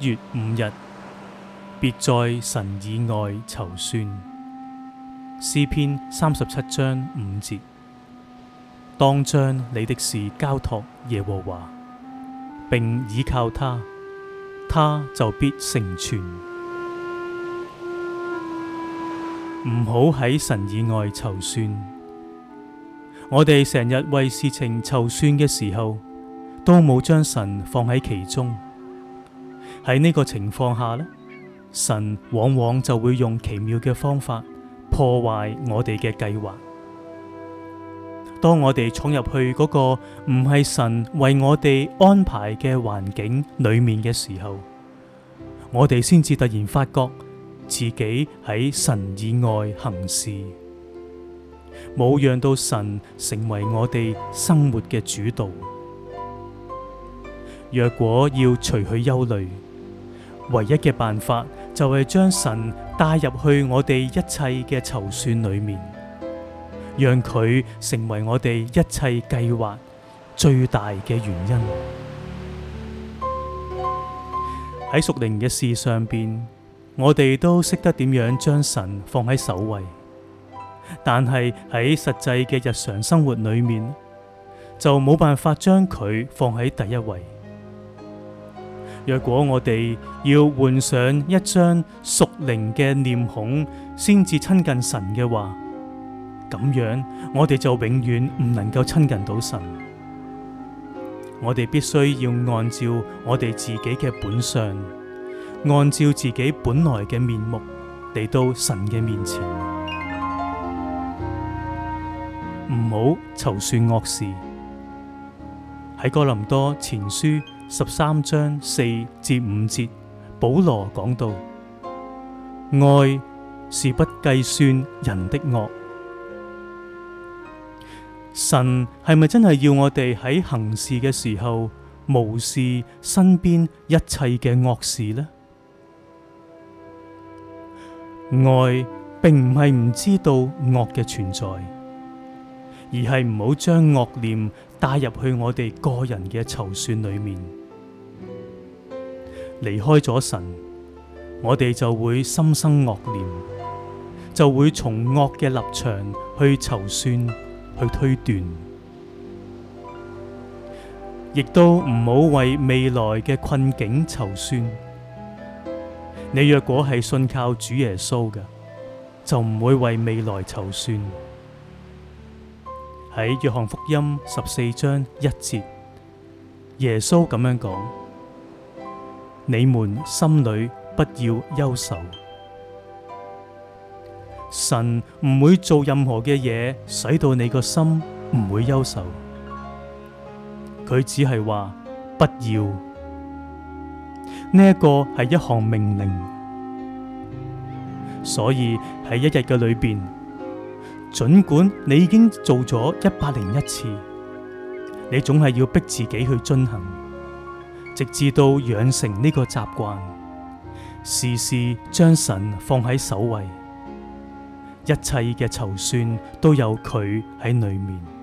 七月五日，別在神以外籌算。詩篇三十七章五節，當將你的事交託耶和華，並倚靠他，他就必成全。唔好喺神以外籌算。我哋成日為事情籌算嘅時候，都冇將神放喺其中。喺呢個情況下呢，神往往就會用奇妙嘅方法破壞我哋嘅計劃。當我哋闖入去嗰個唔係神為我哋安排嘅環境裏面嘅時候，我哋先至突然發覺自己喺神以外行事，冇讓到神成為我哋生活嘅主導。若果要除去憂慮，唯一嘅辦法就係將神帶入去我哋一切嘅籌算裏面，讓佢成為我哋一切計劃最大嘅原因。喺屬靈嘅事上邊，我哋都識得點樣將神放喺首位，但係喺實際嘅日常生活裏面，就冇辦法將佢放喺第一位。若果我哋要換上一張屬靈嘅面孔，先至親近神嘅話，咁樣我哋就永遠唔能夠親近到神。我哋必須要按照我哋自己嘅本相，按照自己本來嘅面目嚟到神嘅面前，唔好籌算惡事。喺哥林多前書。十三章四至五節，保羅講到：愛是不計算人的惡。神係咪真係要我哋喺行事嘅時候，無視身邊一切嘅惡事呢？愛並唔係唔知道惡嘅存在。而係唔好將惡念帶入去我哋個人嘅籌算裏面。離開咗神，我哋就會心生惡念，就會從惡嘅立場去籌算、去推斷，亦都唔好為未來嘅困境籌算。你若果係信靠主耶穌嘅，就唔會為未來籌算。喺約翰福音十四章一節，耶穌咁樣講：你們心裏不要憂愁，神唔會做任何嘅嘢，使到你個心唔會憂愁。佢只係話不要，呢、這個、一個係一項命令，所以喺一日嘅裏邊。儘管你已經做咗一百零一次，你總係要逼自己去進行，直至到養成呢個習慣，時時將神放喺首位，一切嘅籌算都有佢喺裏面。